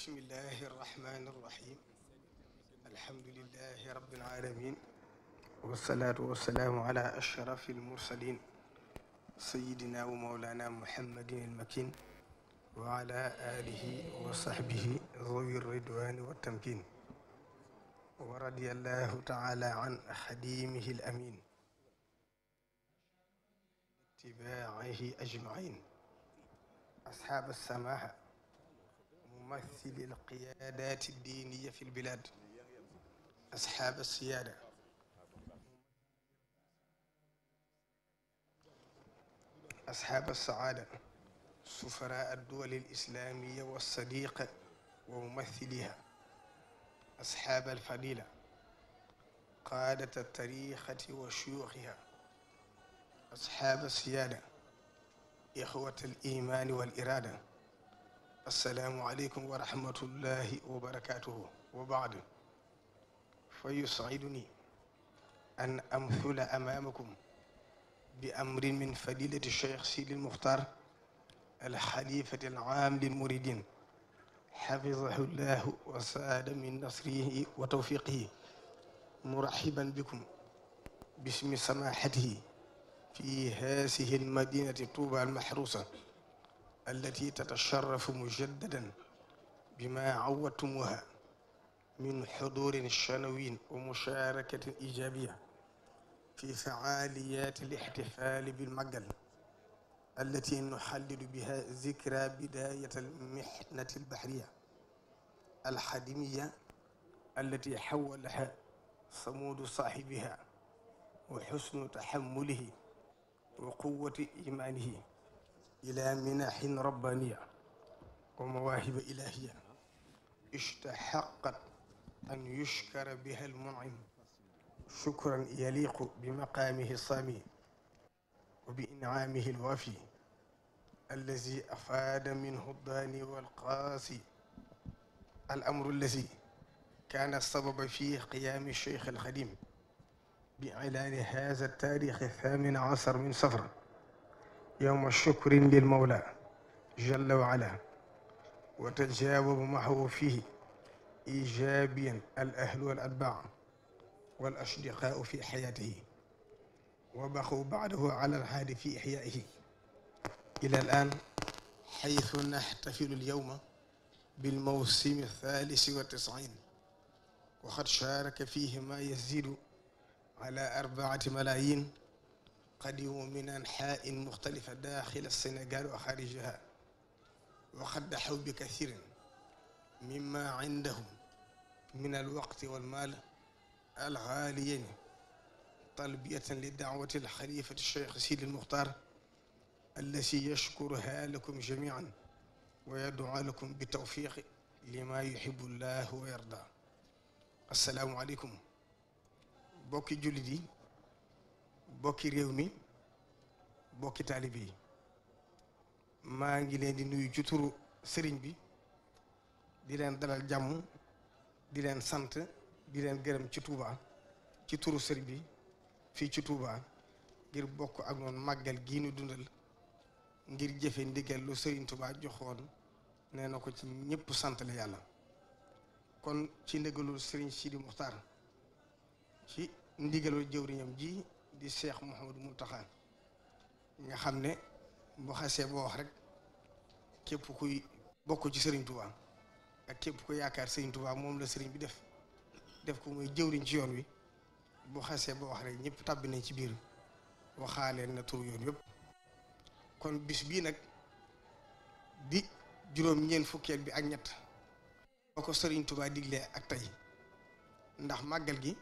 bismillahi irrahmani irrahim alhamdulilahi rabbil alamin wasalaatu wasalaamu ala ashrafi almursalin sayidina wa mawlana muhammadin almakin wa ala alihi wa sahbihi zawi ridwani wattamkin wa radiyallahu taala an xadimihi alamin itibaihi ajmain ashaab alsamaha ممثل القيادات الدينية في البلاد أصحاب السيادة أصحاب السعادة سفراء الدول الإسلامية والصديقة وممثليها أصحاب الفضيلة قادة التاريخة وشيوخها أصحاب السيادة إخوة الإيمان والإرادة asalaamualeykum wa rahmatullahi wa barakatuhu wa baad fa yusaiduni an amthula amaamakum bi amrin min fadilati cheikh sidi lmuxtar alxalifati alaam lilmuridin xafizahu llahu wa saada min nasrihi wa tawfiqihi muraxiban bikum bismi samaxatihi fi haasihi almadinati tuuba almaxruusa التي تتشرف مجددا بما عودتموها من حضور شنوي ومشاركة إيجابية في فعاليات الاحتفال بالمجل التي نحلل بها ذكرى بداية المحنة البحرية الحديمية التي حولها صمود صاحبها وحسن تحمله وقوة إيمانه إلى منح ربانية ومواهب إلهية استحقت أن يشكر بها المنعم شكرا يليق بمقامه الصامي وبإنعامه الوافي الذي أفاد منه الداني والقاسي الأمر الذي كان السبب في قيام الشيخ الخديم بإعلان هذا التاريخ الثامن عشر من صفر yowma shukrin lil mawla jalla wa ala wa tajaawabu mahu fihi ijabiyan al ahlu wal atbaa wal ashdiqaau fi xayaatihi wa baqu baadahu ala al haadi fi ixyaaihi ila al aan xaytu naxtafilu al yowma bil mawsimi thalisi wa tis'iin wa qad shaaraka fihi ma yaziidu ala arbaati malaayin قدموا من أنحاء مختلفة داخل السنغال وخارجها وقد ضحوا بكثير مما عندهم من الوقت والمال الغاليين طلبية لدعوة الخليفة الشيخ سيدي المختار التي يشكرها لكم جميعا ويدعو لكم بالتوفيق لما يحب الله ويرضى asalaamualeykum bokki jullit yi bokki réew mi bokki taalibe maa ngi leen di nuyu ci turu sëriñ bi di leen dalal jàmm di leen sant di leen gërëm ci Touba ci turu sëriñ bi fii ci Touba ngir bokk ak noonu màggal gii nu dundal ngir jëfe ndigal lu sëriñ Touba joxoon nee na ko ci ñépp sant la yàlla kon ci ndigalul sëriñ Sidi Muxtaar ci ndigalul jëwriñam ji di Cheikh Mouhamadou Mountakha nga xam ne boo xasee boo wax rek képp kuy bokk ci Serigne Touba ak képp kuy yaakaar Serigne Touba moom la sëriñ bi def def ko muy jëwriñ ci yoon wi boo xasee boo wax rek ñëpp tàbbi nañ ci biir waxaale na tur yoon yëpp. kon bis bii nag di juróom ñeent fukkeel bi ak ñett boo ko Serigne Touba diglee ak tey ndax màggal gi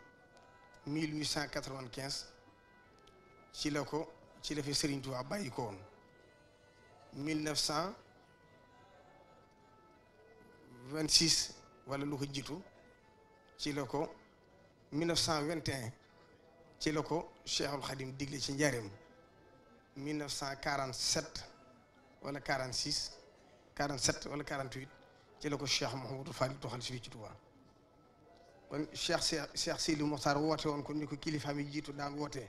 1895. ci la ko ci la fi Serigne Touba bàyyi ko woon mille neuf cent vingt six wala lu ko jiitu ci la ko mille neuf cent vingt et un ci la ko Cheikhul Khadim digle ci njaareem mille neuf cent quarante sept wala quarante six quarante sept wala quarante huit ci la ko Cheikh Mouhamadou Fall toxal si fii ci Touba kon Cheikh Cheikh Cheikh Sidi Mokhtar woote woon kon ni ko kilifaam yi jiitu daan wootee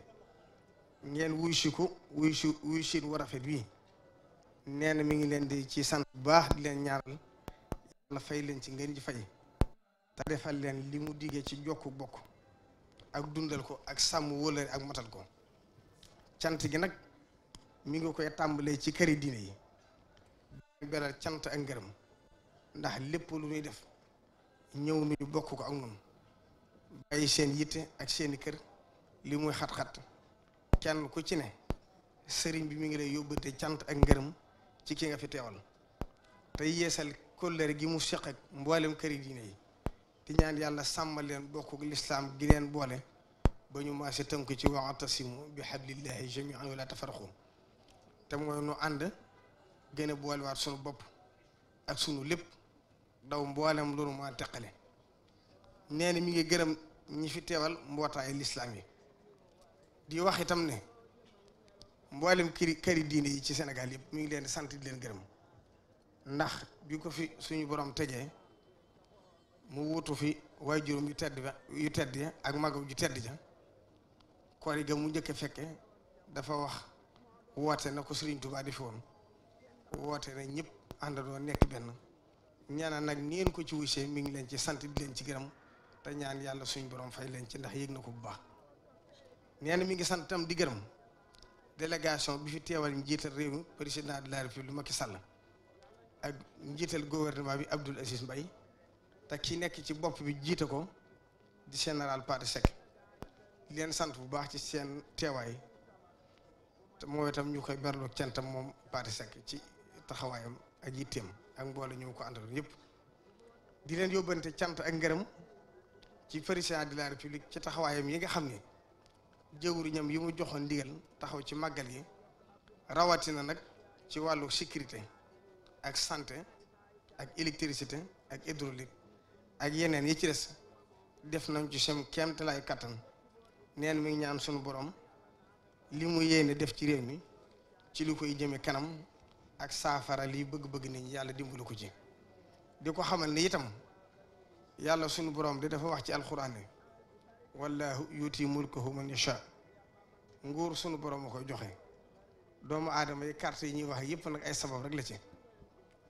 ngeen wuy si ko wuy si wuy sin war rafet bii nee na mi ngi leen di ci sant bu baax leen ñaaral la fay leen ci ngeen ji faje te defal leen li mu diggee ci jokku bokk ak dundal ko ak sàmm wóolare ak matal ko cant gi nag mi ngi koy tàmbalee ci kër këri diine yi beral cant ak ngërëm ndax lépp lu muy def ñëw nuy bokk ko ak noonu bàyyi seen yitte ak seeni kër li muy xat-xat kenn ku ci ne sëriñ bi mu ngi lay yóbbante cant ak ngërëm ci ki nga fi teewal te yeesal kóllëre gi mu seq ak mboolem këri diine yi di ñaan yàlla sàmmal leen bokk lislaam gi leen boole ba ñu maase tënk ci wa'tasimu bi hablillahi jami'an wala tafarraqu te mooy nu ànd gën a boolewaat sunu bopp ak sunu lépp daw mboolem lu nu maa teqale nee na mi ngi gërëm ñi fi teewal mbootaay lislaam yi di wax itam ne mboolem këri këri diine yi ci senegal yëpp mu ngi leen di sant di leen gërëm ndax bi ko fi suñu borom tëjee mu wutu fi waay juróom yu tedd ba yu tedd ya ak magam ju tedd ja koori ga mu njëkk a fekke dafa wax woote na ko Serigne Touba di fi woon woote na ñëpp àndandoo nekk benn ñaana nag ni ngeen ko ci wuysee mi ngi leen ci sant di leen ci gërëm te ñaan yàlla suñu borom fay leen ci ndax yéeg na ko bu baax nee na mi ngi sant tam di gërëm délégation bi fi teewal njiital réew mi président de la république Macky Sall ak njiital gouvernement bi Abdoul Aziz Mbaye te ki nekk ci bopp bi jiite ko di général Pathé Seck leen sant bu baax ci seen teewaay te mooy itam ñu koy berloog cantam moom Pathé Seck ci taxawaayam ak yitteem ak mboole ñëw ko àndal yëpp di leen yóbbante cant ak ngërëm ci président de la république ci taxawaayam yi nga xam ni jëwriñam yi mu joxoon ndigal taxaw ci yi gi na nag ci wàllu sécurité ak santé ak électricité ak hydraulique ak yeneen yi ci des def nañ ci sem kéemtalaay kattan neen mi ngi ñaan sunu borom li mu yéene def ci réew mi ci lu koy jëme kanam ak saafara li bëgg-bëgg nit yàlla dimbali ko ci di ko xamal ni itam yàlla sunu borom di dafa wax ci alxuraan wallaahu yuuti mulkahu man yasha nguur sunu borom a koy joxe doomu aadama yi carte yi ñuy wax yëpp nag ay sabab rek la ci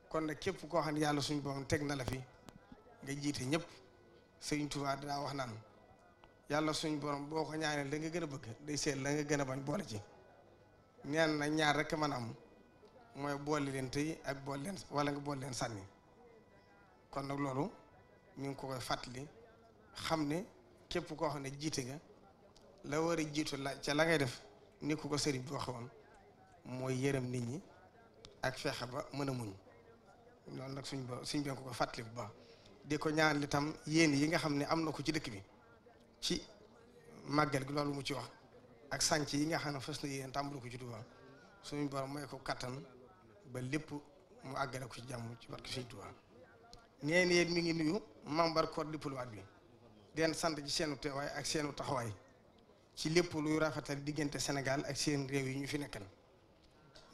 kon nag képp koo xam ne yàlla suñu borom teg na la fi nga jiite ñëpp sëriñ Tuubaa daa wax naan yàlla suñu borom boo ko ñaanee la nga gën bëgg day seet la nga gën a bañ boole ci neen na ñaar rek mën a am mooy boole leen tey ak boole wala nga boole leen sànni kon nag loolu ñu ngi ko koy fàttali xam ne. képp koo xam ne jiite nga la war a jiitu la ca la ngay def ni ku ko sëriñ bi waxoon mooy yërëm nit ñi ak fexe ba mën a muñ loolu nag suñ ba suñ benn ko ko fàttali ko ñaan itam yéen yi nga xam ne am na ko ci dëkk bi ci màggal gi loolu mu ci wax ak sànc yi nga xam ne fas na yéen tàmbali ko ci Tuubaa suñu borom mooy ko kattan ba lépp mu àggale ko ci jàmm ci barke suñu Tuubaa nee na yéen mi ngi nuyu membre corps diplomatique bi den sant ci seenu teewaay ak seenu taxawaay ci lépp luy rafetal diggante Sénégal ak seen réew yi ñu fi nekkal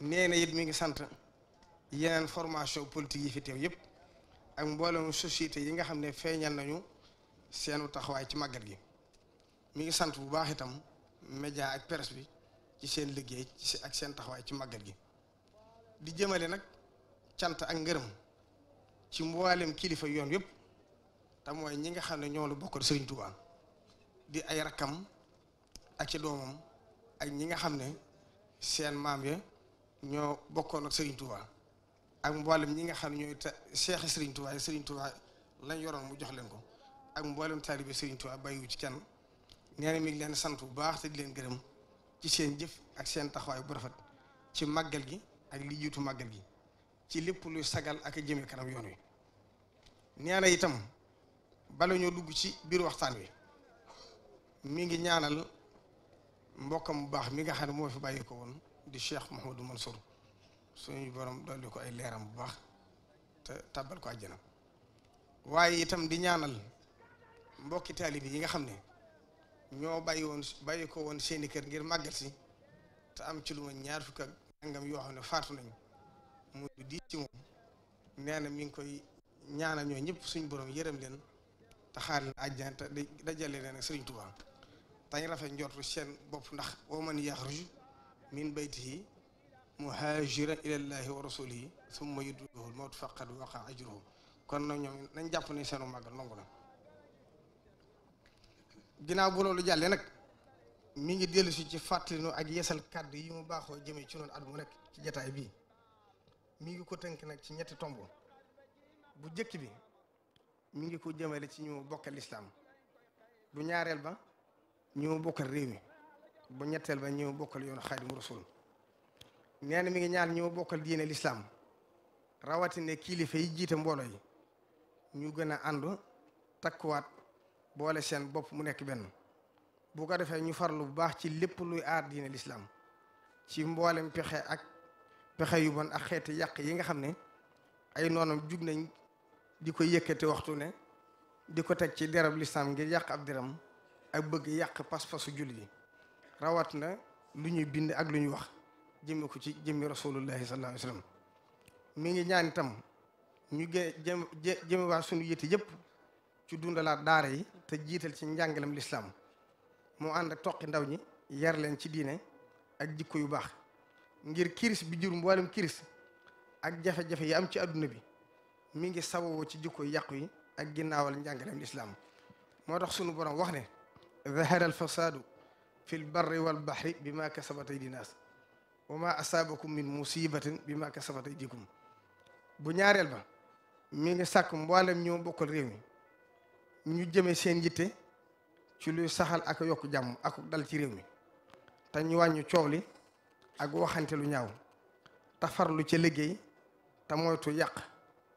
nee na it mi ngi sant yeneen formation politique yi fi teew yëpp ak mboolem société yi nga xam ne feeñal nañu seenu taxawaay ci màggat gi mi ngi sant bu baax itam média ak presse bi ci seen liggéey ci ak seen taxawaay ci màggat gi di jëmale nag cant ak ngërëm ci mboolem kilifa yoon yëpp te mooy ñi nga xam ne ñoo la bokk Serigne Touba di ay rakkam ak ci doomam ak ñi nga xam ne seen maam ya ñoo bokkoon ak Serigne Touba ak mboolem ñi nga xam ne ñooy seexi Serigne Touba lañ yoroon mu jox leen ko ak mboolem taalibe Serigne Touba bàyyiwu ci kenn nee na mi ngi leen sant bu baax te di leen gërëm ci seen jëf ak seen taxawaay bu rafet ci màggal gi ak li jiitu màggal gi ci lépp luy sagal ak jëme kanam yoon wi nee itam. bala ñoo dugg ci biir waxtaan wi mi ngi ñaanal mbokkam bu baax mi nga xam ne moo fi bàyyi ko woon di du Mouhamadou Mansour suñu borom dolli ko ay leeram bu baax te tabal ko àjjana waaye itam di ñaanal mbokki taalibi yi nga xam ne ñoo bàyyi woon bàyyi ko woon seeni kër ngir màggal si te am ci lu ma ñaar fukk ak nangam yoo xam ne faatu nañu mu di ci moom nee na mi ngi koy ñaanal ñoo ñëpp suñu borom yërëm leen te xaar leen àjjana te dajale leen ak sëriñ Tuubaa tañ rafet njootu seen bopp ndax wa man yaxruj min baytihi muhaajiran ilallaahi wa rasulihi summa yudrikuhu l-mawtu faqad waqaa ajruhu kon na ñoom nañ jàpp ne seenu màggal nangu na ginnaaw bu loolu jàllee nag mi ngi dellu ci fàttalinu ak yeesal kàddu yi mu baaxoo jëmee ci noonu at mu nekk ci jataay bii mi ngi ko tënk nag ci ñetti tomb bu jëkk bi mi ngi ko jëmale ci ñu bokkal lislaam bu ñaareel ba ñu bokkal réew mi bu ñetteel ba ñu bokkal yoonu xaadimu rasul nee na mi ngi ñaan ñu bokkal diine lislaam rawatina kilifa yi jiite mboolo yi ñu gën a ànd takkuwaat boole seen bopp mu nekk benn bu ko defee ñu farlu bu baax ci lépp luy aar diine lislaam ci mboolem pexe ak pexe yu bon ak xeeti yàq yi nga xam ne ay noonam jug nañ di ko yëkkati waxtu ne di ko teg ci derab lislaam ngir yàq ab deram ak bëgg yàq pas-pasu jullit yi rawat na lu ñuy bind ak lu ñuy wax jëme ko ci jëmmi rasulullahi sallallahu mi ngi ñaanitam ñu gé jëm jëme waa suñu yëti yëpp ci dundalaat daara yi te jiital ci njàngalam lislaam moo ànd ak toqi ndaw ñi yar leen ci diine ak jikko yu baax ngir kiris bi jur mboolem kiris ak jafe-jafe yi am ci adduna bi mi ngi sababu ci jikko yàqu yi ak ginnaawal njàngaleem lislaam moo tax sunu borom wax ne zahara alfasadu fi lbarri walbahri bima kasabat aydi naas wa ma asaabakum min musibatin bima kasabat aydikum bu ñaareel ba mi ngi sàkk mboolem ñoo bokkal réew mi ñu jëme seen yitte ci luy saxal ak yokk jàmm ak dal ci réew mi te ñu wàññi coow li ak waxante lu ñaaw te farlu ca liggéey te moytu yàq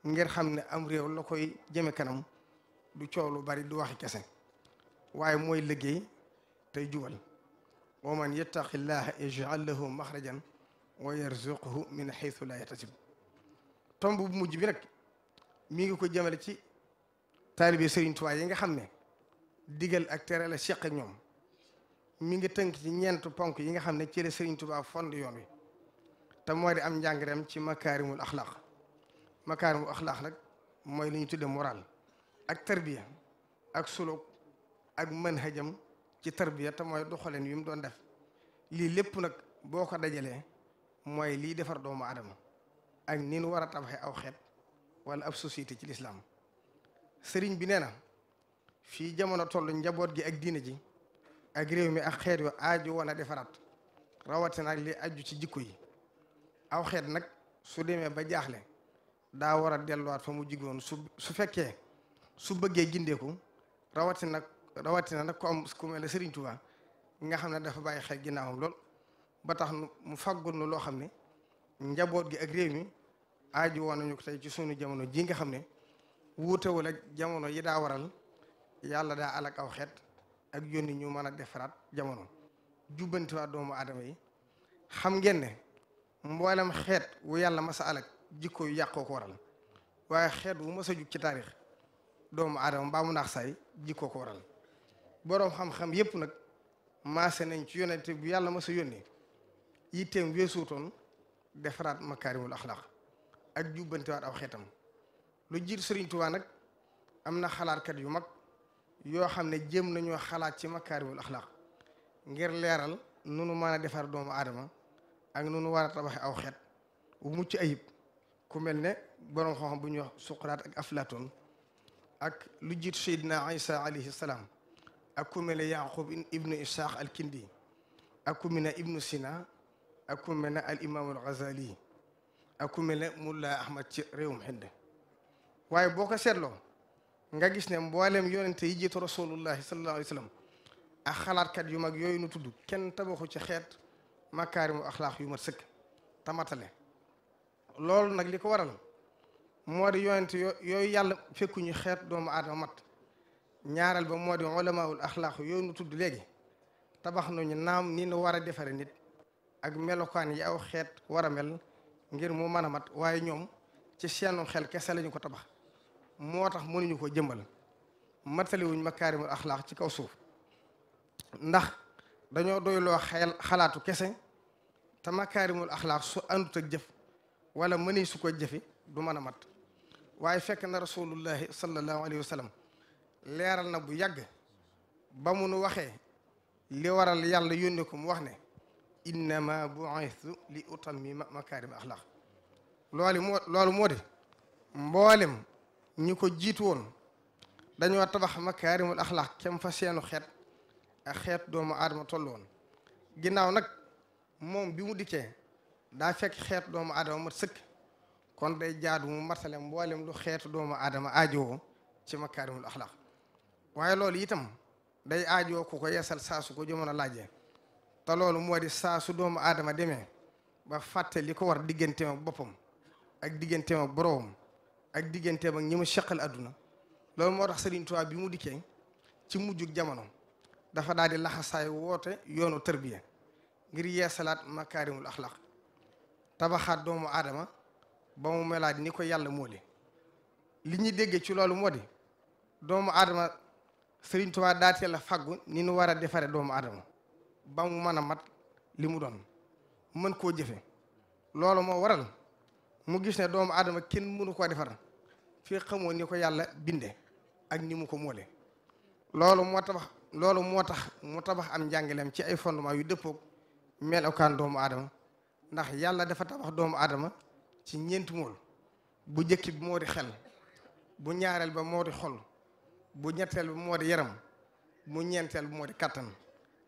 ngir xam ne am réew la koy jëme kanam du coow lu bari du waxi kese waaye mooy liggéey tey jubal wa man yattaqillaha yaj'al lahu maxrajan wa yarzuqhu min xaytu la yahtasib tomb bu mujj bi rek mi ngi ko jëmale ci taalibe Sëriñ Tuubaa yi nga xam ne digal ak tere la seq ñoom mi ngi tënk ci ñeent ponk yi nga xam ne ci la Sëriñ Tuubaa fond yoon wi te moo di am njàngareem ci makaarimul axlaaq makaarim bu laax nag mooy li ñu tuddee moral ak tarbiya ak suluk ak manhajam ci tarbiya te mooy doxalin yu mu doon def lii lépp nag boo ko dajalee mooy lii defar doomu aadama ak ni nu war a tabaxee aw xeet wala ab société ci lislaam sëriñ bi nee na fii jamono toll njaboot gi ak diine ji ak réew mi ak xeet yu aaju woon a defaraat rawatina ak li aju ci jikko yi aw xeet nag su demee ba jaaxle daa war a delluwaat fa mu jigoon su su fekkee su bëggee jindeeku rawatina nag rawatina nag ku am ku mel ne nga xam ne dafa bàyyi xel ginnaawam lool ba tax mu faggul nu loo xam ne njaboot gi ak réew mi aaju woon nañu ko tey ci sunu jamono ji nga xam ne wuutewul ak jamono yi daa waral yàlla daa alak aw xeet ak yónni ñu mën a defaraat jamono jubbantiwaat doomu aadama yi xam ngeen ne mboolem xeet wu yàlla ma sa alak jikko yu yàqoo ko waral waaye xeet wu mës a jug ci taarix doomu aadama mbaamu mu naax saay jikkoo ko waral boroom xam-xam yépp nag maase nañ ci yonente bu yàlla ma a yónnee yitteem weesuutoon defaraat makaarimul axlaaq ak jubbantewaat aw xeetam lu jiit Sëriñ Tuubaa nag am na xalaatkat yu mag yoo xam ne jéem nañoo xalaat ci makaarimul axlaaq ngir leeral nunu mën a defar doomu aadama ak nunu war a tabaxe aw xeet wu mucc ayib ku mel ne borom xam bu ñuy wax Suqraat ak Aflaatoon ak lu jiit Seydina Isa ak ku mel ne Yaaqub ibnu ak ku mel ne Ibnu Sina ak ku mel ne Ghazali ak ku mel Mulla Ahmad ci réewum Hind waaye boo ko seetloo nga gis ne mboolem yonente yi jiitu rasulullahi sallallahu xalaatkat yu mag yooyu nu tudd kenn tabaxu ci xeet makaarimu axlaax yu mat sëkk tamatale loolu nag li ko waral moo di yonent yooyu yàlla fekkuñu xeet doomu aadama mat ñaareel ba moo di ulamaawul axlaaq yooyu nu tudd léegi tabax nañu naam nii nu war a defare nit ak melokaan yi aw xeet war a mel ngir mu mën a mat waaye ñoom ci seenu xel kese lañu ko tabax moo tax mënuñu ko jëmbal mataliwuñ makaarimul axlaaq ci kaw suuf ndax dañoo doyloo xalaatu kese te makaarimul axlaaq su àndut jëf wala mënee su ko jëfe du mën a mat waaye fekk na rasulullahi sallallahu alayhi wa leeral na bu yàgg ba mu nu waxee li waral yàlla yónni ko mu wax ne innama bu'istu li utammima makarim axlaq loolu moo loolu moo di mboolem ñi ko jiitu woon dañoo tabax makaarimul axlaq kem fa seenu xeet ak xeet doomu aadama toll woon ginnaaw nag moom bi mu dikkee daa fekk xeetu doomu aadama mat sëkk kon day jaadu mu martale mboolem lu xeetu doomu aadama aajowoo ci makaarimul axlaq waaye loolu itam day aajoo ku ko yeesal saa su ko jamono laajee te loolu moo di saa su doomu aadama demee ba fàtte li ko war digganteem ak boppam ak digganteem ak boroom ak digganteem ak ñi mu seqal adduna loolu moo tax Sëriñ Tuubaa bi mu dikkee ci mujjug jamono dafa daal di laxasaay woote yoonu tërbiya ngir yeesalaat makaarimul axlaq tabaxaat doomu aadama ba mu melaat ni ko yàlla moole li ñuy déggee ci loolu moo doomu aadama Sëriñ Tuubaa daate la fàggu ni nu war a defare doomu aadama ba mu mën a mat li mu doon mën koo jëfe loolu moo waral mu gis ne doomu aadama kenn mënu koo defar fii xamoo ni ko yàlla binde ak ni mu ko moole loolu moo tabax loolu moo tax mu tabax am njàngaleem ci ay fondement yu dëppoog melokaan doomu aadama ndax yàlla dafa tabax doomu aadama ci ñeenti mool bu njëkk bi moo di xel bu ñaareel ba moo di xol bu ñetteel bi moo di yaram mu ñeenteel bi moo di kàttan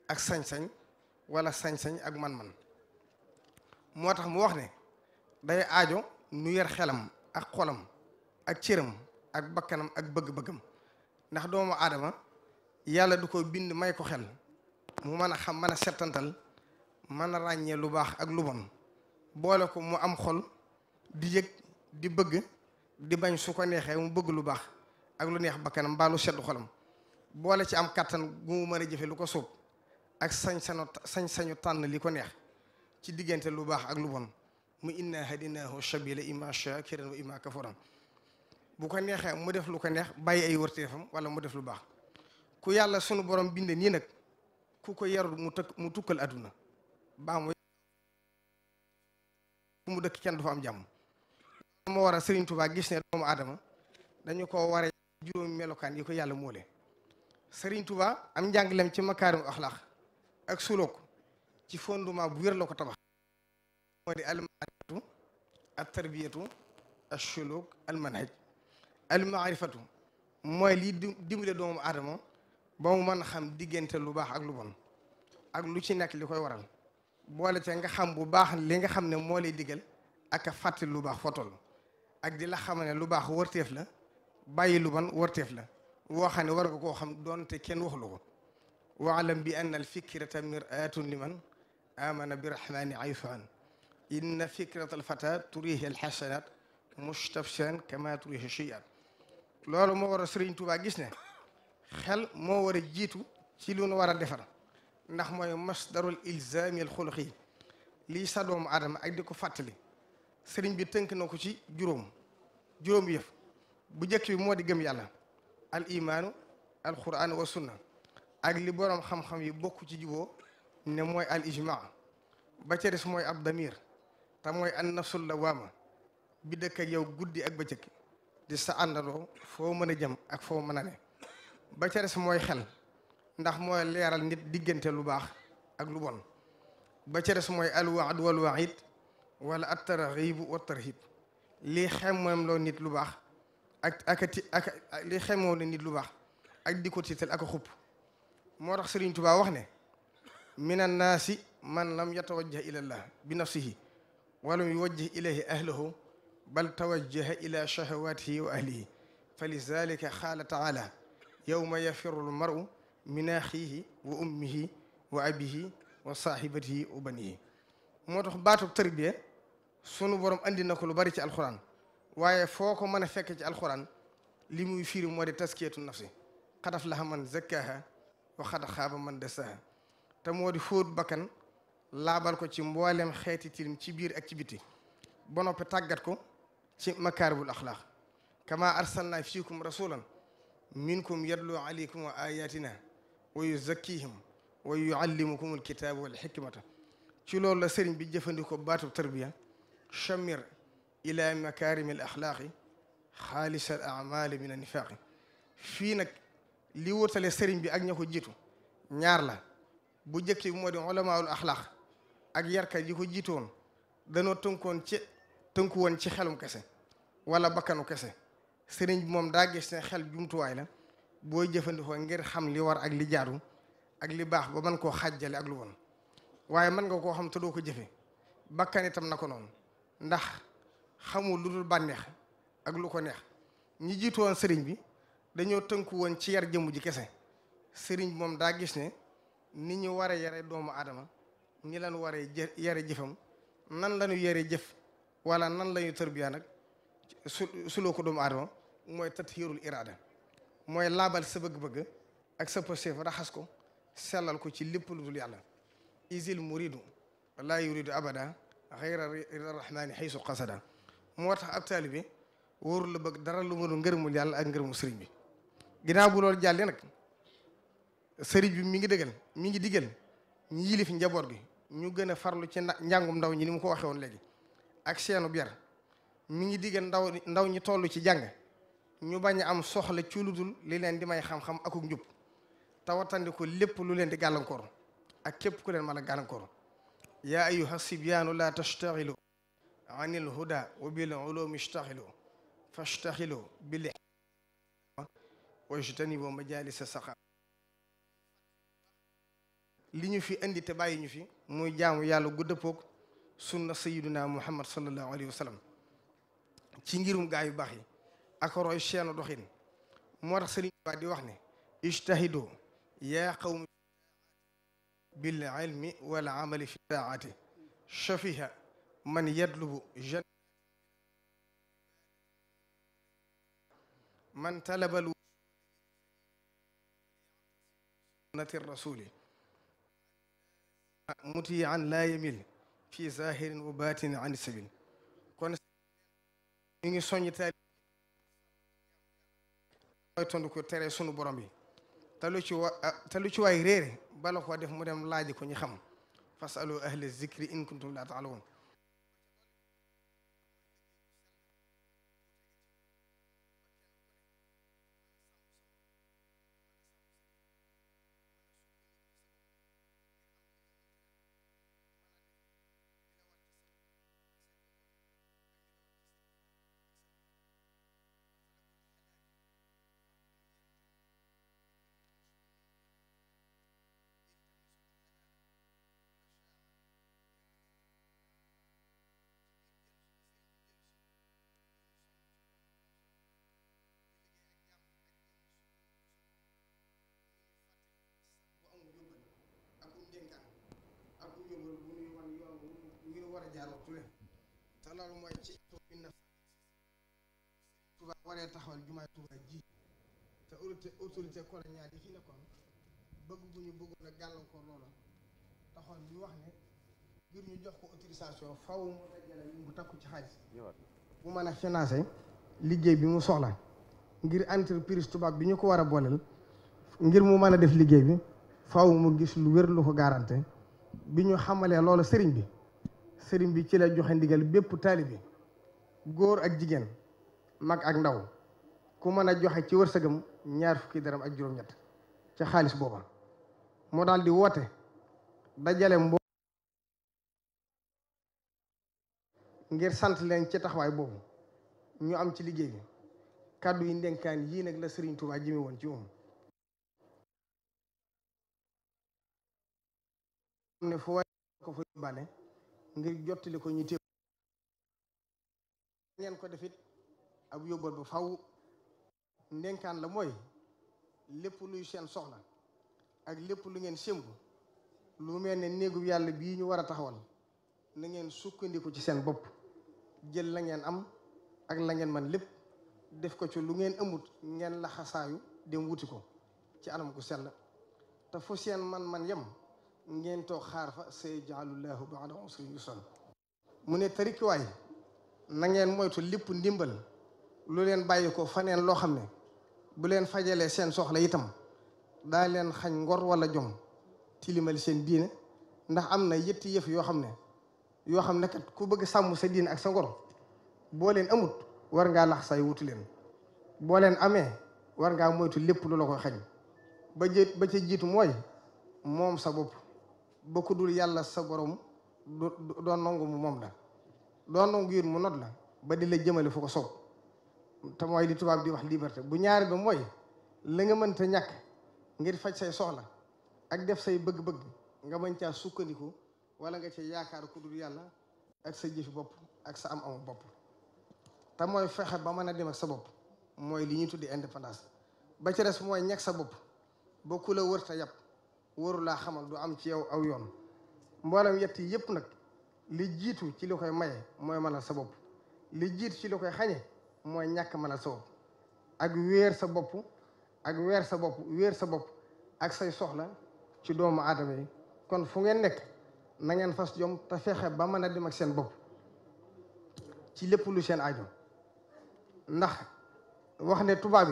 ak sañsañ sañ wala sañ-sañ ak man-man moo tax mu wax ne day aajo nu yar xelam ak xolam ak cëram ak bakkanam ak bëgg-bëggam ndax doomu aadama yàlla du ko bind may ko xel mu mën a xam mën a settantal mën a ràññee lu baax ak lu bon boole ko mu am xol di yëg di bëgg di bañ su ko neexee mu bëgg lu baax ak lu neex bakkanam mbaa lu sedd xolam boole ci am kàttan gu mu mën a jëfe lu ko sóob ak sañ-sañu sañ tànn li ko neex ci diggante lu baax ak lu bon mu inna hadinaahu sabila imma shakiran wa imma kafuran bu ko neexee mu def lu ko neex bàyyi ay wërteefam wala mu def lu baax ku yàlla sunu borom binde nii nag ku ko yarul mu tëkk mu tukkal àdduna baa mu fu mu dëkk kenn du fa am jàmm moo war a Sëriñ Tuubaa gis ne doomu aadama dañu ko war juróom melokaan yi ko yàlla moole Sëriñ Tuubaa am njàngilem ci makaarim axlaax ak suluk ci fondement bu wér la ko tabax moo di almaarifatu at mooy lii dimbale doomu aadama ba mu mën a xam diggante lu baax ak lu bon ak lu ci nekk li koy waral boole ca nga xam bu baax li nga xam ne moo lay digal ak a fàttali lu baax fotol ak di la xam ne lu baax warteef la bàyyi lu ban warteef la woo xam ne war nga koo xam doonte kenn waxlu ko waalam bi ann al fikrata miratun liman amana birahmani ayfaan inna fikrata al fata turihi al xasanat mustabshiran kama turihi chiat loolu moo war a Sëriñ Tuubaa gis ne xel moo war a jiitu ci lu nu war a defar ndax mooy masdarul ilzami al xuluqi lii sa doomu aadama ak di ko fàttali sëriñ bi tënk na ko ci juróom juróom yëf bu njëkk bi moo di gëm yàlla al imaanu al quraan wa sunna ak li boroom xam-xam yi bokk ci jiwoo ne mooy al ijmaa ba ca mooy ab damir te mooy an nafsul lawaama bi dëkk ak yow guddi ak ba bëccëg di sa àndaloo foo mën a jëm ak foo mën a ne ba ca mooy xel ndax mooy leeral nit diggante lu baax ak lu bon ba ca des mooy alwaad wal waid wala attarxibu tarhib lii xemoom loo nit lu baax ak akati ak lu baax ak di ko tiital a xupp moo tax Sëriñ Tuubaa wax ne min annaasi man lam yatawajjah ila llah bi nafsihi walam yuwajjih ilayhi ahlahu bal tawajjaha ila shahawatihi wa ahlihi fa lizalika qaala taala yawma yafirru lmaru min axiihi wa ummihi wa abihi wa saahibatihi wa banihi moo tax baatub tarbiya sunu borom andi na ko lu bari ci alxuraan waaye foo ko mën a fekk ci alxuraan li muy firi moo di taskiyatu nafsi xad aflaha zakkaaha wa xad man dasaaha te moo di fóot bakkan laabal ko ci mboolem xeeti tilim ci biir ak ci biti ba noppi tàggat ko ci makaaribul axlaaq kama arsalna fiikum rasulan minkum yatlu alaykum ayatina wa yuzakkihim wa yuallimukum alkitaba wal hikmata ci loolu la sëriñ bi jëfandikoo baatub tarbiya chammir ila makarimi al axlaaqi xaalis al amali min annifaaqi fii nag li wutale sëriñ bi ak ña ko jiitu ñaar la bu njëkk bi moo di ulamaawul axlaaq ak yarkat yi ko jiitu woon danoo tënkoon ci tënku woon ci xelum kese wala bakkanu kese sëriñ bi moom daa gis ne xel jumtuwaay la booy jëfandikoo ngir xam li war ak li jaatu ak li baax ba mën koo xàjjale ak lu bon waaye mën nga koo xam te doo ko jëfe bakkan itam na ko noonu ndax xamul lu dul bànneex ak lu ko neex ñi jiitu woon sëriñ bi dañoo tënku woon ci yar jëmm ji kese sëriñ moom daa gis ne ni ñu ware yare doomu aadama ni lan waree jë yare jëfam nan lañu yare jëf wala nan lañu tërbiya nag su suloo ko doomu aadama mooy tat yërul iraada mooy laabal sa bëgg-bëgg ak sa posté raxas ko sellal ko ci lépp lu dul yàlla isil muridu laa yuridu abada xayra rahmaani xaysu qasada moo tax ab bi wóoru la bëgg dara lu ngër ngërëmul yàlla ak mu sëriñ bi ginnaaw bu loolu jàllee nag sëriñ bi mi ngi dëggal mi ngi diggal ñi yilif njaboot gi ñu gën a farlu ci njàngum ndaw ñi ni mu ko waxee woon léegi ak seenub yar mi ngi diggal ndaw ndaw ñi tollu ci jàng ñu bañ am soxla ci lu dul li leen di may xam-xam akuk njub te wattandiku lépp lu leen di gàllankoor ak képp ku leen mën a gàllankoor yaa ayuha sibyaanu laa tastaxilu an il huda wa bil ulumi istaxilu fastaxilu bil wajtanibu majalisa saqa li ñu fi indi te bàyyi ñu fi muy jaamu yàlla gu dëppoog sunna sayiduna muhammad sallallahu alayhi wa ci ngirum gaa yu baax yi ak roy seenu doxin moo tax sëriñ Tuubaa di wax ne ijtahidu yaa qawmi bil ilmi wal amali fi taati shafiha man yadlubu jan man talabal sunnati rasuli mutiyan laa yamil fi zahirin wa batin an sabil kon ñu ngi soññ taali moytandiku tere sunu borom bi te lu ci wa te lu ci waay réere bala koo mu dem laaji ko ñu xam fasalu ahli zikri in kuntum laa taalamun loolu mooy ci bi na Touba waree taxawal jumaay Touba te autorité autorité coloniale yi fi nekkoon bëgg bu ñu bëggoon a gàllankoor loola taxoon ñu wax ne ngir ñu jox ko autorisation faw mu dajale bu takku ci xaalis bu mën a financé liggéey bi mu soxla ngir entreprise tubaab bi ñu ko war a booleel ngir mu mën a def liggéey bi faw mu gis lu wér lu ko garanté bi ñu xamalee loolu sëriñ bi sëriñ bi ci la joxe ndigal bépp bi góor ak jigéen mag ak ndaw ku mën a joxe ci wërsëgam ñaar fukki daram ak juróom-ñett ca xaalis booba moo daal di woote dajale mbo ngir sant leen ci taxawaay boobu ñu am ci liggéey bi kàddu yi ndenkaan yii nag la Serigne Touba jëme woon ci moom ne fu waay ko fa yóbbaale ngir jottali ko ñu téew ngeen ko defit ab yóbbal bu faw ndenkaan la mooy lépp luy seen soxla ak lépp lu ngeen sémbu lu mel ne néegu yàlla bii ñu war a taxawal na ngeen sukkandiku ci seen bopp jël la ngeen am ak la ngeen man lépp def ko ci lu ngeen ëmbut ngeen laxasaayu dem wuti ko ci anam ku sell te fu seen man man yem ngeen toog xaar fa sayaj'alullaahu ba'da usrin yusran mu ne tarikiwaay na ngeen moytu lépp ndimbal lu leen bàyyi ko faneen loo xam ne bu leen fajalee seen soxla itam daa leen xañ ngor wala jom tilimal seen diine ndax am na yetti yëf yoo xam ne yoo xam ne kat ku bëgg sàmm sa diine ak sa ngor boo leen amut war ngaa lax say wutu leen boo leen amee war ngaa moytu lépp lu la ko xañ ba jë ba ca jiitu mooy moom sa bopp ba ku yàlla sa borom du doo nangu mu moom la doo nongu yit mu not la ba di la jëmale fu ko soob te mooy li tubaab di wax liberté bu ñaari ba mooy la nga mënta ñàkk ngir faj say soxla ak def say bëgg-bëgg nga mën caa sukkandiku wala nga ci yaakaar ku yàlla ak sa jëfi bopp ak sa am amu bopp te mooy fexe ba mën a dem ak sa bopp mooy li ñuy tuddee indépendance ba ci des mooy ñàkk sa bopp ba ku la wër ta yàpp waru laa xamal du am ci yow aw yoon mboolem yett yi yëpp nag li jiitu ci li koy maye mooy mënal sa bopp li jiit ci li koy xañe mooy ñàkk mënal sa bopp ak wéer sa bopp ak weer sa bopp sa bopp ak say soxla ci doomu aadama yi kon fu ngeen nekk na ngeen fas jom te fexe ba mën a dem ak seen bopp ci lépp lu seen aajo ndax wax ne tubaab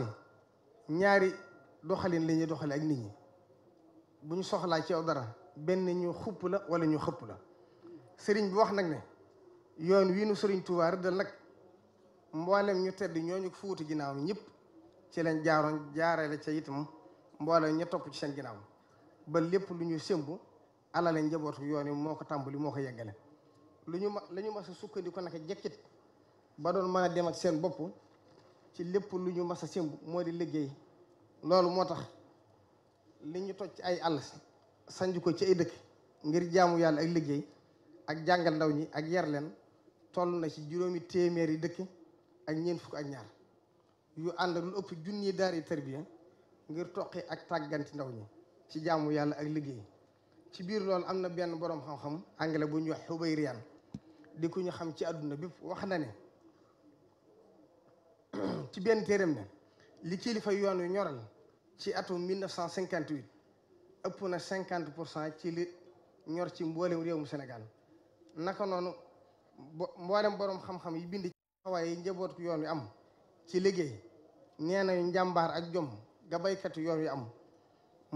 ñaari doxalin la ñuy doxale ak nit ñi bu ñu soxlaa ci yow dara benn ñu xupp la wala ñu xëpp la sëriñ bi wax nag ne yoon wii nu sëriñ Tuubaa da nag mboolem ñu tedd ñooñu fuuti ginnaaw ñëpp ci lañ jaaroon jaaree la ca itam mboolem ña topp ci seen ginaaw ba lépp lu ñu sëmb alale njabootu yoon yi moo ko tàmbali moo ko yeggale lu ñu ma la ñu mas a sukkandiku naka jekkit ba doon mën a dem ak seen bopp ci lépp lu ñu mas a sëmb moo di liggéey loolu moo tax li ñu toj ci ay àll sanj ko ci ay dëkk ngir jaamu yàlla ak liggéey ak jàngal ndaw ñi ak yar leen toll na ci juróomi téeméeri dëkk ak ñeent fukk ak ñaar yu ànd lu ëpp junni daari tarbiya ngir toqi ak tàgganti ndaw ñi ci jaamu yàlla ak liggéey ci biir loolu am na benn boroom xam-xam anglais bu ñuy wax Hubayriyan di ku ñu xam ci àdduna bépp wax na ne ci benn téeram ne li kilifa yoon wi ñoral ci atum 1958 ëpp na 50 pour cent ci li ñor ci mboolem réewum Sénégal naka noonu mboolem borom xam-xam yi bind ci xawaay yi njabootu yoon wi am ci liggéey nee nañu njàmbaar ak jom ga baykatu yoon yi am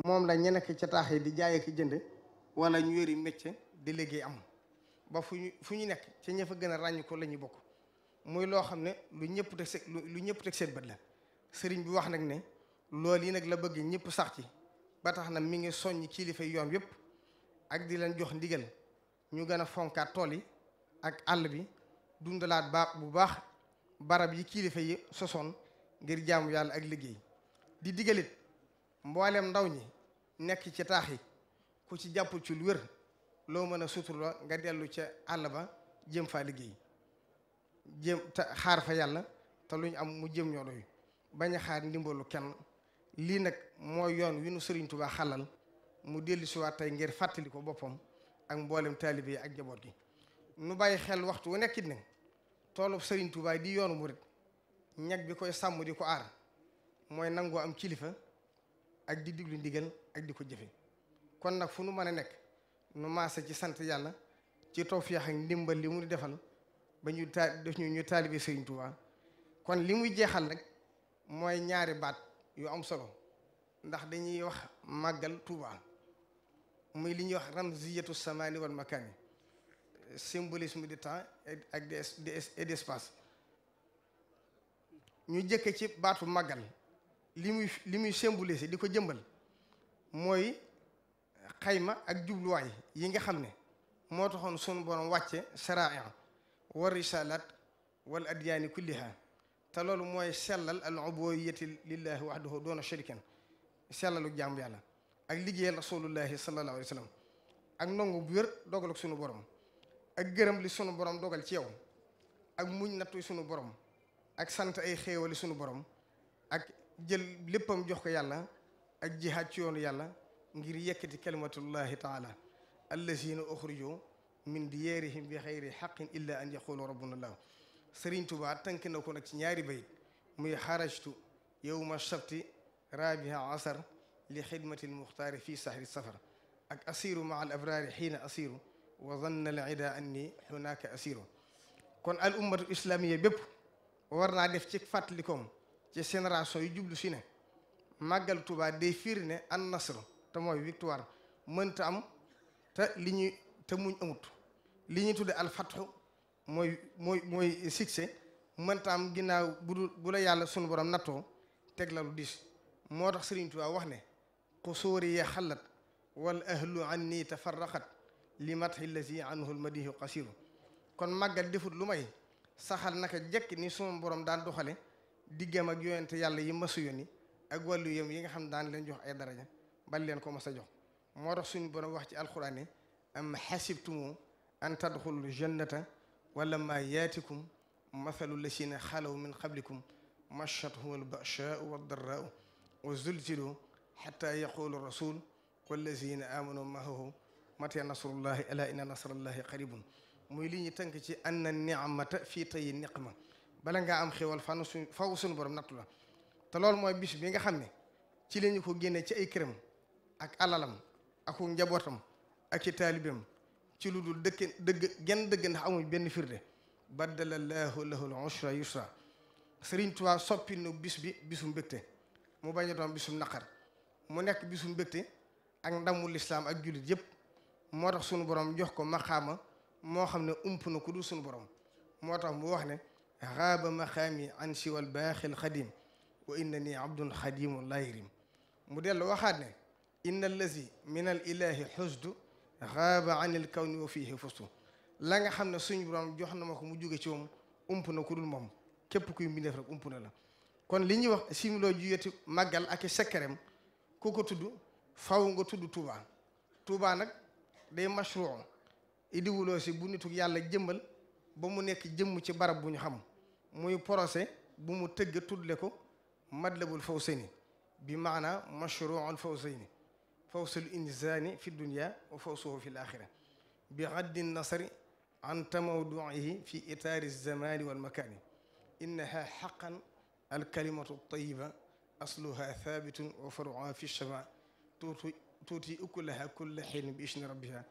moom la ñu nekk ca taax yi di jaay ak jënd wala ñu yi métier di liggéey am ba fu ñu fu ñu nekk ci ña gën a ràññ ko la bokk muy loo xam ne lu ñëpp teg lu ñëpp teg seen bët la sëriñ bi wax nag ne. lool yi nag la bëgg ñëpp sax ci ba tax na mi ngi soññ kilifa yoon yëpp ak di leen jox ndigal ñu gën a fonkaat tool yi ak àll bi dundalaat baax bu baax barab yi kilifa yi sosoon ngir jaamu yàlla ak liggéey di digalit mboolem ndaw ñi nekk ci taax yi ku ci jàppul ci lu wér loo mën a la nga dellu ca àll ba jëm faa liggéey jëm te xaar fa yàlla te lu ñu am mu jëm ñoo doy bañ xaar ndimbalu kenn lii nag mooy yoon wi nu Sëriñ Tuubaa xalal mu dellu si tey ngir fàttali ko boppam ak mboolem taalibe yi ak njaboot gi nu bàyyi xel waxtu wu nekkit nag toolub Sëriñ Tuubaa di yoonu murit ñag bi koy sàmm di ko aar mooy nangoo am kilifa ak di diglu ndigal ak di ko jëfe kon nag fu nu mën a nekk nu maase ci sant yàlla ci tawfeex ak ndimbal li mu defal ba ñu ta def ñu ñu taalibe Sëriñ Tuubaa kon li muy jeexal nag mooy ñaari baat yow am solo ndax dañuy wax màggal Tuuba muy li ñuy wax ramziyatu samaani wal makaani symbolisme du temps ak et d'espace ñu jëkk ci baatu màggal li muy li muy symboliser di ko jëmbal mooy xayma ak jubluwaay yi nga xam ne moo taxoon sunu borom wàcce saraaya war risalaat wal adyaani kulliha te loolu mooy sellal al ubudiyyati lillahi wahdahu doona sharikan sellalu jaamu yàlla ak liggéeyal rasulullahi sallallahu alayhi wa sallam ak nangu bu wér dogal ak sunu borom ak gërëm li sunu borom dogal ci yow ak muñ nattu sunu borom ak sant ay xéewali sunu borom ak jël léppam jox ko yàlla ak jihaad ci yoonu yàlla ngir yekkati kalimatullahi taala allazina uxrijo min diyaarihim bi xayri xaqin illa an yaqulu rabbuna allah Sëriñ Tuba tënk na ko nag ci ñaari bayit muy xarajtu yowma sabti rabiha asar li xidmati almuxtaari fi sahri safar ak asiru maa al abraari xiina asiru wa zanna al ida anni hunaaka asiru kon al ummatu islamiya bépp war naa def ci fàttalikoom ci génération yu jublu si ne màggal Tuba day fiir ne an nasru te mooy victoire mënta am te li ñu te muñ amut li ñu al fatxu mooy mooy mooy succès mënta am ginnaaw bu dul yàlla sunu borom nattoo teg la lu diis moo tax Sëriñ Tuubaa wax ne qusuuri ya xallat wal ahlu an nii tafarraqat li matxi lazi anhu lmadihu qasiru kon màggal defut lu may saxal naka jëkk ni sunu borom daan doxale diggam ak yonente yàlla yi masu yónni ak wàllu yam yi nga xam daan leen jox ay daraja bal leen ko mas a jox moo tax suñu borom wax ci alxuraan ne am xasibtumu an tadxulu jannata wala maa yaatikum mathalu lasina xalaw min qablikum mashathum albachaau waddaraau wa zulzilu xata yaqulu rasul wallazina amanu maahu mata nasrullahi ala inna nasrallahi qaribun muy li ñu tënk ci anna ni'mata fii tayi niqma bala ngaa am xéwal fan suñ faw suñu borom nattu la te loolu mooy bis bi nga xam ne ci la ko génne ci ay këram ak alalam aku njabootam ak ci taalibeem ci lu dul dëkk dëgg genn dëgg na amuñ benn firde baddala laahu lahul usra yusra sëriñ Tuubaa soppi bis bi bisu mbégte mu bañ a doon bisum naqar mu nekk bisu mbégte ak ndamu lislaam ak jullit yëpp moo tax sunu borom jox ko maqaama moo xam ne ump na ku dul sunu borom moo tax mu wax ne xaaba maqaami an siwal baaxil xadim wa inna nii abdun xadimu layrim mu dellu waxaat ne inna allazi min al ilahi xusdu xaaba anil kawni wa fii fustu la nga xam ne suñu borom jox na ma ko mu jóge ci moom ump na ku dul moom képp kuy mbindeef rek ump na la kon li ñuy wax similoo juyati màggal ak i sekkerem ku ko tudd faw nga tudd Touba Touba nag day mashruuc idiwuloo si bu nituk yàlla jëmmal ba mu nekk jëmm ci barab bu ñu xam muy procès bu mu tëgg tuddle ko madlabul fawsayni bi maana mashruucul fawsayni fawsul insaani fi dunya wa fawsuhu fi laaxira bi addi nasari an tamawduihi fi itaari zamaani wal makaani innaha xaqan alkalimatu tayiba asluha thabitun wa faruha fi shama tuuti tuuti ukulaha kulla xiin bi ishni rabbiha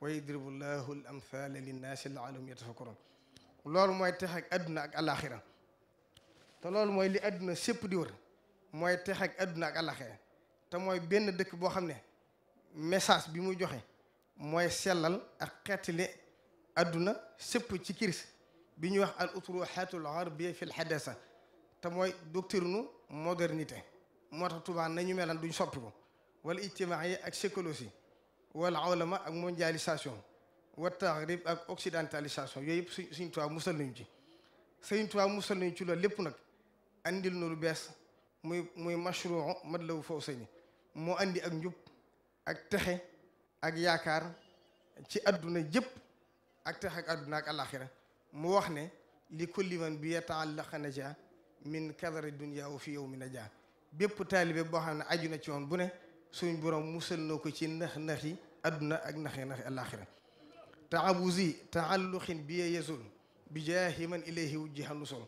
wa yadribu llahu al amthala linnaasi laallahum yatafakkaruun loolu mooy tex ak adduna ak alaxira te loolu mooy li adduna sépp di wër mooy tex ak adduna ak alaxira te mooy benn dëkk boo xam ne message bi muy joxe mooy sellal ak xeetile adduna sëpp ci kiris bi ñuy wax al utruhatul gharbiyya fil hadasa te mooy doctrine modernité moo tax Tuubaa nañu melan duñ soppi ko wala ijtimaa yi ak psychologie wala awlama ak mondialisation wa ak occidentalisation yooyu yëpp suñ suñ Tuubaa musal nañu ci Sëriñ Tuubaa musal nañu ci loolu lépp nag andil na bees muy muy mashruu mat lawu faw sëni moo andi ak njub ak texe ak yaakaar ci adduna jëpp ak texe ak adduna ak alaxira mu wax ne li kulli man bi yataallaqa naja min kadari dunia wa fi yawmi naja bépp taalibe boo xam ne aju na ci woon bu ne suñ borom musal na ko ci nax naxi adduna ak naxi naxi alaxira taabusi taalluqin bi yesul bi jaahi man ilayhi wujjiha nusul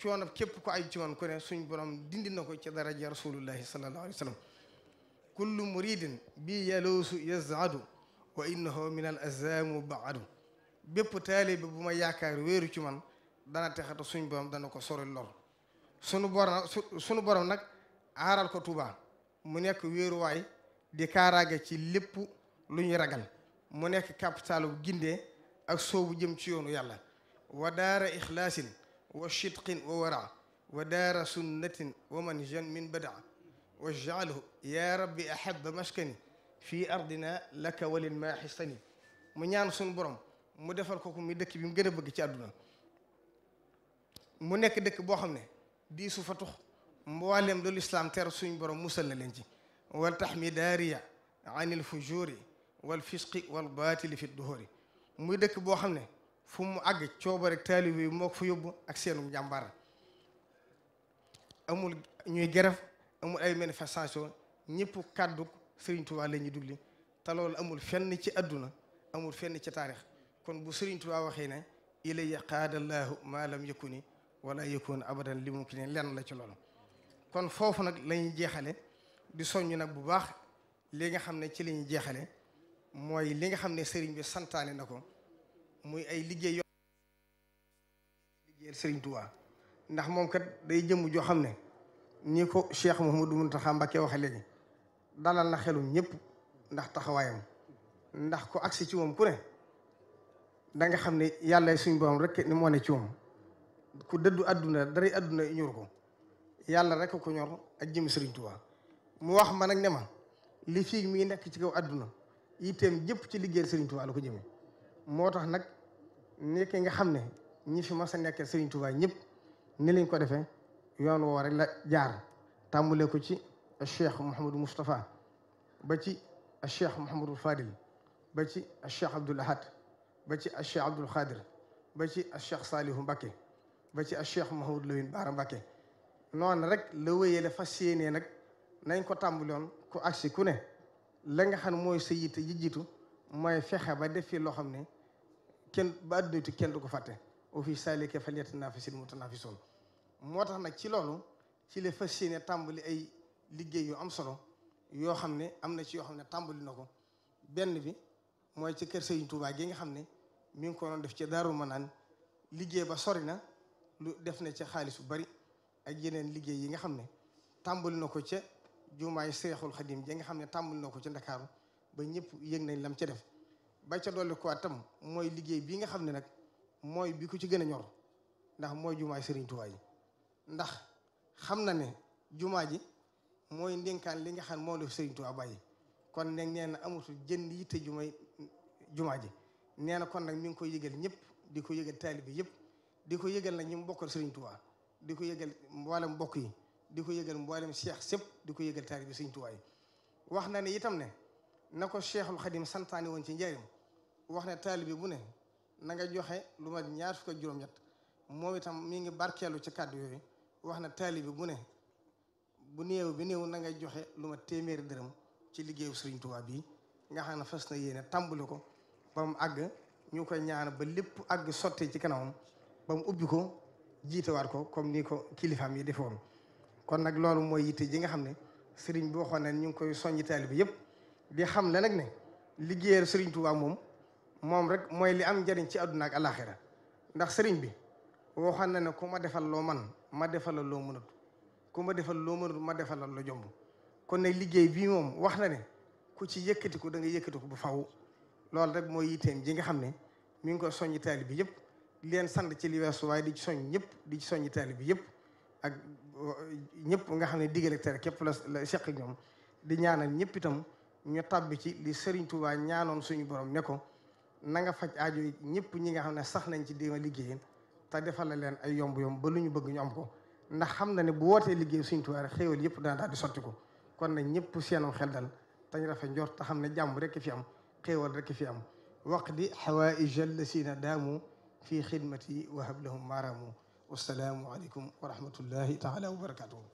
coono képp ko aju ci woon ku ne suñ borom dindi na ko ci daraja rasulullahi sallallahu alayhi wa sallam kullu muridin bi yaloosu yazadu wa innahu min al azamu baadu bépp taalibe bu ma yaakaar wéeru ci man dana texata suñ borom dana ko sori lor sunu borom sunu nag aaral ko Tuuba mu nekk wéeruwaay di kaaraage ci lépp lu ñuy ragal mu nekk capitalu gindee ak soobu jëm ci yoonu yàlla wa daara ixlaasin wa shidqin wa wara wa daara sunnatin wa man min badaa waj'alhu ya rabbi ahaba maskani fii ardina laka walil maaxistani mu ñaan suñu borom mu defal ko ko muy dëkk bi mu gën a bëgg ci àdduna mu nekk dëkk boo xam ne dii su fa tux mboolem loolu islaam ter suñu borom musal na leen ci wal taxmi daariya an il fujuri wal fisqi wal baatili fi duhuri muy dëkk boo xam ne fu mu àgg cooba rek taalibe yi moo ko fa yóbbu ak seenu njàmbaar amul ñuy geref amul ay manifestation ñëpp kàddu Serigne Touba la ñuy dugli te loolu amul fenn ci àdduna amul fenn ci taarix kon bu Serigne Touba waxee ne ilay qaadallaahu maa lam yakuni wala yakun abadan li mumkinin lenn la ci lool kon foofu nag lañuy jeexale di soññ nag bu baax li nga xam ne ci lañuy jeexale mooy li nga xam ne sëriñ bi santaane na ko muy ay liggéey yo liggéeyal ndax moom kat day jëmm joo xam ne ni ko moo Cheikh Mouhamadou Mountakha Mbacké waxe léegi dalal na xelum ñëpp ndax taxawaayam ndax ko agsi ci moom ku ne da xam ne yàlla suñ borom rek ni moo ne ci moom ku dëddu àdduna daray àdduna ñor ko yàlla rek ko ñor ak jim Sëriñ mu wax ma nag ne ma li fii mi ngi nekk ci kaw àdduna yitteem jëpp ci liggéey Sëriñ Tuubaa la ko jëmee moo tax nag nekk nga xam ne ñi fi mas a nekkee Sëriñ Tuubaa ñëpp ni lañ ko defee yoon woo rek la jaar tàmbale ko ci cheikh Mouhamadou Moustapha ba ci cheikh Mouhamadou Fadil ba ci cheikh Abdoul Ahad ba ci cheikh Abdoul Khadir ba ci cheikh Salihu Mbacké ba ci cheikh Mouhamadou Lawine Baara Mbacké noonu rek la la fas yéenee nag nañ ko tàmbaloon ko agsi ku ne la nga xam mooy sa yitte ji jiitu mooy fexe ba def fi loo xam ne kenn ba adduna kenn du ko fàtte wa fi saalika falyatanafasil mutanafisun moo tax nag ci loolu ci la fas ne tàmbali ay liggéey yu am solo yoo xam ne am na ci yoo xam ne tàmbali na ko benn bi mooy ci kër Serigne Touba gi nga xam ne mi ngi ko doon def ci Daaru Manaan liggéey ba sori na def na ci xaalis bu bari ak yeneen liggéey yi nga xam ne tàmbali na ko ca jumaay Seexul Xadim ji nga xam ne tàmbali na ko ci Ndakaaru ba ñëpp yëg nañ lam ca def ba ca doole ko tam mooy liggéey bii nga xam ne nag mooy bi ku ci gën a ñor ndax mooy jumaay Serigne Touba yi ndax xam na ne jumaa ji mooy ndinkaan li nga xam moo la Sëriñ Tuubaa kon nag nee na amatul jënd yitte jumay jumaa ji nee na kon nag mi ngi koy yëgal ñëpp di ko yëgal taalibe yëpp di ko yëgal na ñu mu bokkal Sëriñ di ko yëgal mboolem mbokk yi di ko yëgal mboolem cheikh sëpp di ko yëgal taalibe Sëriñ Tuubaa yi wax na ne itam ne na ko Cheikhul Xadim santaane woon ci njëriñ wax ne taalibe bu ne nanga joxe lu mat ñaar fukk ak juróom-ñett moom itam mii ngi barkeelu ci kàddu yooyu wax na taalibe bu ne bu néew bi néew na nga joxe lu ma téeméeri dërëm ci liggéeyu Sëriñ Tuubaa bi nga xam ne fas na yéene tàmbali ko ba mu àgg ñu koy ñaan ba lépp àgg sottee ci kanamam ba mu ubbi ko jiitewaat ko comme ni ko kilifaam yi defoon kon nag loolu mooy yitte ji nga xam ne sëriñ bi waxoon na ñu ngi koy soññi taalibe yëpp di xam la nag ne liggéeyal Sëriñ Tuubaa moom moom rek mooy li am njariñ ci àdduna ak alaaxira ndax sëriñ bi waxoon na ne ku ma defal loo man ma defal la loo mënut ku ma defal loo mënut ma defal la lu kon nag liggéey bii moom wax na ne ku ci yëkkati ko da nga yëkkati ko bu faw loolu rek mooy yitteem ji nga xam ne mi ngi ko soññi taali bi yëpp leen sant ci li waaye di ci soññ ñëpp di ci soññi taali bi yëpp ak uh, ñëpp nga xam ne diggale tere képp la la seq ñoom di ñaanal ñëpp itam ñu tàbbi ci li Serigne Touba ñaanoon suñu borom ne ko na nga faj aajo ñëpp ñi nga xam ne sax nañ ci déma liggéey te defal la leen ay yomb-yomb ba lu ñu bëgg ñu am ko ndax xam na ne bu wootee liggéey Sëriñ Tuubaa rek xéewal yëpp dana daal sotti ko kon nag ñëpp seenam xel dal tañ rafet njort te xam ne jàmm rekk fi am xéewal rekk fi am waq di waqdi xawaaija lasina daamu fi xidmati wahab lahum maaraamu wasalaamu aleykum wa rahmatullahi taala wa barakatuhu